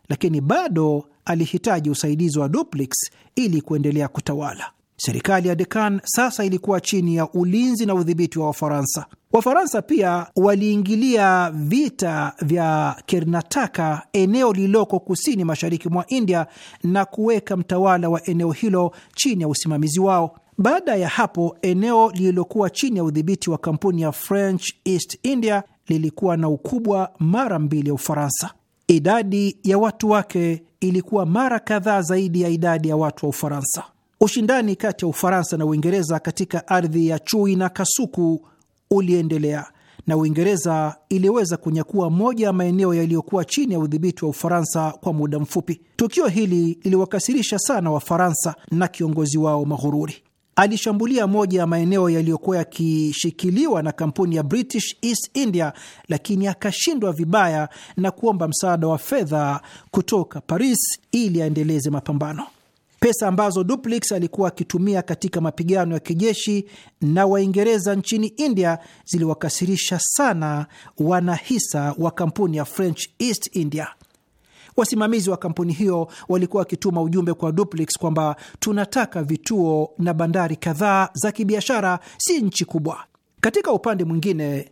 lakini bado alihitaji usaidizi wa Duplix ili kuendelea kutawala. Serikali ya Dekan sasa ilikuwa chini ya ulinzi na udhibiti wa Wafaransa. Wafaransa pia waliingilia vita vya kernataka eneo lililoko kusini mashariki mwa India, na kuweka mtawala wa eneo hilo chini ya usimamizi wao. Baada ya hapo, eneo lililokuwa chini ya udhibiti wa kampuni ya French East India lilikuwa na ukubwa mara mbili ya Ufaransa. Idadi ya watu wake ilikuwa mara kadhaa zaidi ya idadi ya watu wa Ufaransa. Ushindani kati ya Ufaransa na Uingereza katika ardhi ya chui na kasuku uliendelea na Uingereza iliweza kunyakua moja ya maeneo yaliyokuwa chini ya udhibiti wa Ufaransa kwa muda mfupi. Tukio hili liliwakasirisha sana Wafaransa na kiongozi wao maghururi alishambulia moja ya maeneo yaliyokuwa yakishikiliwa na kampuni ya British East India, lakini akashindwa vibaya na kuomba msaada wa fedha kutoka Paris ili aendeleze mapambano. Pesa ambazo Duplix alikuwa akitumia katika mapigano ya kijeshi na Waingereza nchini India ziliwakasirisha sana wanahisa wa kampuni ya French East India. Wasimamizi wa kampuni hiyo walikuwa wakituma ujumbe kwa Duplex kwamba tunataka vituo na bandari kadhaa za kibiashara, si nchi kubwa. Katika upande mwingine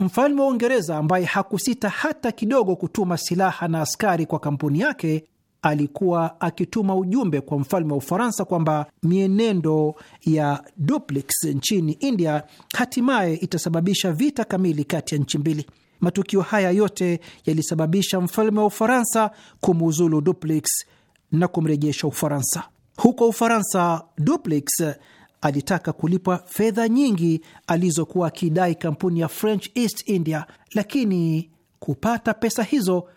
Mfalme wa Uingereza ambaye hakusita hata kidogo kutuma silaha na askari kwa kampuni yake alikuwa akituma ujumbe kwa mfalme wa Ufaransa kwamba mienendo ya Duplex nchini India hatimaye itasababisha vita kamili kati ya nchi mbili. Matukio haya yote yalisababisha mfalme wa Ufaransa kumuuzulu Duplix na kumrejesha Ufaransa. Huko Ufaransa, Duplix alitaka kulipwa fedha nyingi alizokuwa akidai kampuni ya French East India, lakini kupata pesa hizo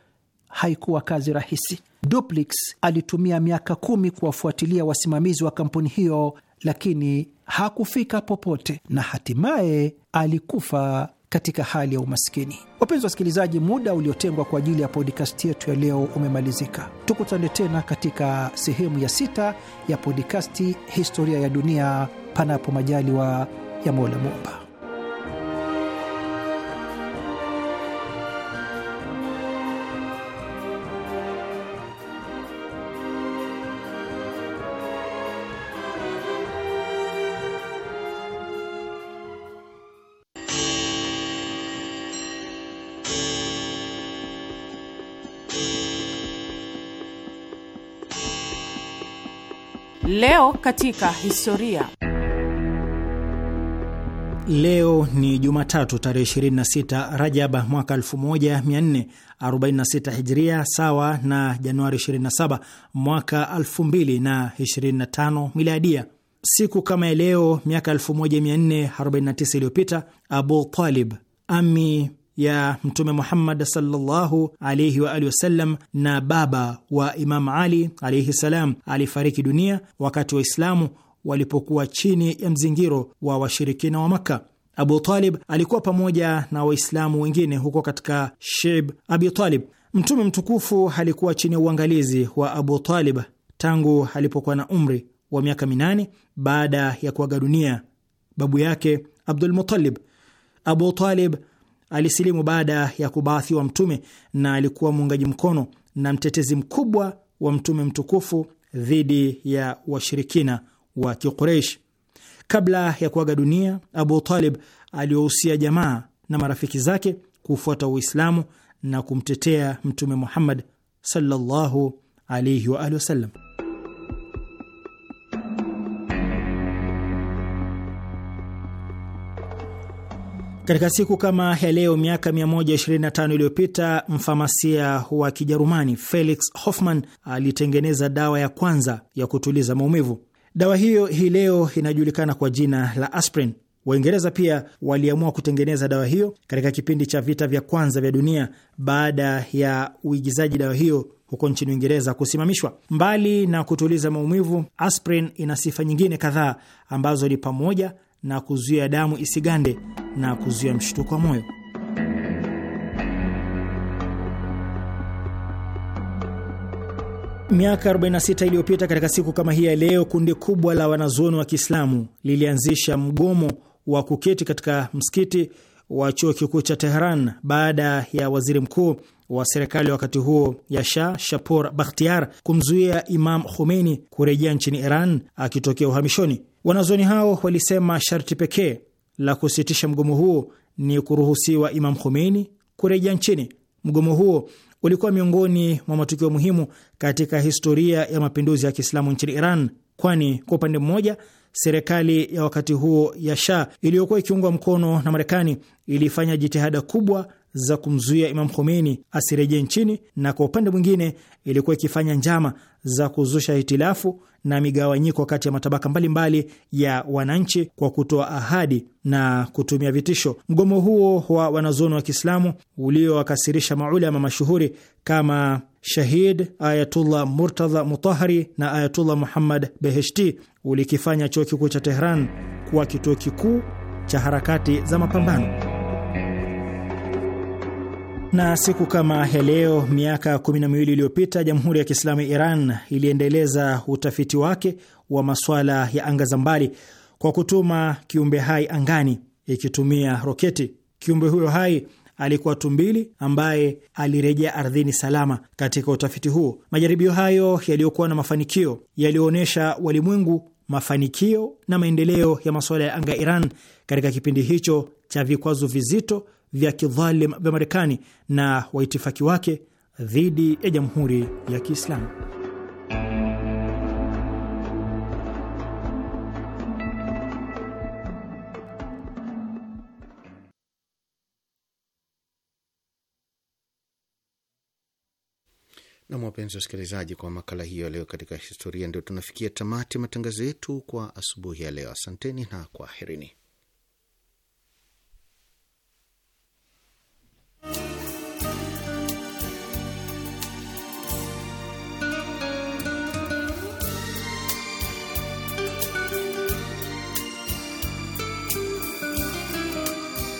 haikuwa kazi rahisi. Duplix alitumia miaka kumi kuwafuatilia wasimamizi wa kampuni hiyo, lakini hakufika popote na hatimaye alikufa katika hali ya umaskini. Wapenzi wasikilizaji, muda uliotengwa kwa ajili ya podkasti yetu ya leo umemalizika. Tukutane tena katika sehemu ya sita ya podkasti Historia ya Dunia, panapo majaliwa ya Mola Mumba. Leo katika historia. Leo ni Jumatatu tarehe 26 Rajab mwaka 1446 Hijria, sawa na Januari 27 mwaka 2025 Miladia. Siku kama ya leo miaka 1449 iliyopita, Abu Talib ami ya Mtume Muhammad sallallahu alaihi wa alihi wasallam na baba wa Imam Ali alaihi salam, alifariki dunia wakati Waislamu walipokuwa chini ya mzingiro wa washirikina wa Makka. Abu Talib alikuwa pamoja na Waislamu wengine huko katika Shib Abi Talib. Mtume mtukufu alikuwa chini ya uangalizi wa Abu Talib tangu alipokuwa na umri wa miaka minane baada ya kuaga dunia babu yake Abdul Muttalib. Abu Talib Alisilimu baada ya kubaathiwa Mtume na alikuwa muungaji mkono na mtetezi mkubwa wa Mtume mtukufu dhidi ya washirikina wa Kiquraish. Kabla ya kuaga dunia, Abu Talib aliwahusia jamaa na marafiki zake kufuata Uislamu na kumtetea Mtume Muhammad sallallahu alaihi wa alihi wasallam. Katika siku kama ya leo miaka 125 iliyopita mfamasia wa Kijerumani Felix Hoffmann alitengeneza dawa ya kwanza ya kutuliza maumivu. Dawa hiyo hii leo inajulikana kwa jina la aspirin. Waingereza pia waliamua kutengeneza dawa hiyo katika kipindi cha vita vya kwanza vya dunia baada ya uigizaji dawa hiyo huko nchini Uingereza kusimamishwa. Mbali na kutuliza maumivu, aspirin ina sifa nyingine kadhaa ambazo ni pamoja na kuzuia damu isigande na kuzuia mshtuko wa moyo. Miaka 46 iliyopita katika siku kama hii ya leo, kundi kubwa la wanazuoni wa Kiislamu lilianzisha mgomo wa kuketi katika msikiti wa chuo kikuu cha Tehran baada ya waziri mkuu wa serikali wakati huo ya Shah Shapor Bakhtiar kumzuia Imam Khomeini kurejea nchini Iran akitokea uhamishoni. Wanazoni hao walisema sharti pekee la kusitisha mgomo huo ni kuruhusiwa Imam Khomeini kurejea nchini. Mgomo huo ulikuwa miongoni mwa matukio muhimu katika historia ya mapinduzi ya Kiislamu nchini Iran, kwani kwa upande mmoja serikali ya wakati huo ya Shah iliyokuwa ikiungwa mkono na Marekani ilifanya jitihada kubwa za kumzuia Imam Khomeini asirejee nchini, na kwa upande mwingine ilikuwa ikifanya njama za kuzusha hitilafu na migawanyiko kati ya matabaka mbalimbali mbali ya wananchi kwa kutoa ahadi na kutumia vitisho. Mgomo huo wa wanazuoni wa Kiislamu uliowakasirisha maulama mashuhuri kama Shahid Ayatullah Murtadha Mutahari na Ayatullah Muhammad Beheshti ulikifanya chuo kikuu cha Tehran kuwa kituo kikuu cha harakati za mapambano. Na siku kama ya leo miaka kumi na miwili iliyopita Jamhuri ya Kiislamu ya Iran iliendeleza utafiti wake wa masuala ya anga za mbali kwa kutuma kiumbe hai angani ikitumia roketi. Kiumbe huyo hai alikuwa tumbili ambaye alirejea ardhini salama katika utafiti huo. Majaribio hayo yaliyokuwa na mafanikio yaliyoonyesha walimwengu mafanikio na maendeleo ya masuala ya anga ya Iran katika kipindi hicho cha vikwazo vizito vya kidhalim vya Marekani na waitifaki wake dhidi ya Jamhuri ya Kiislamu. Nam, wapenzi wasikilizaji, kwa makala hiyo leo katika historia, ndio tunafikia tamati matangazo yetu kwa asubuhi ya leo. Asanteni na kwaherini.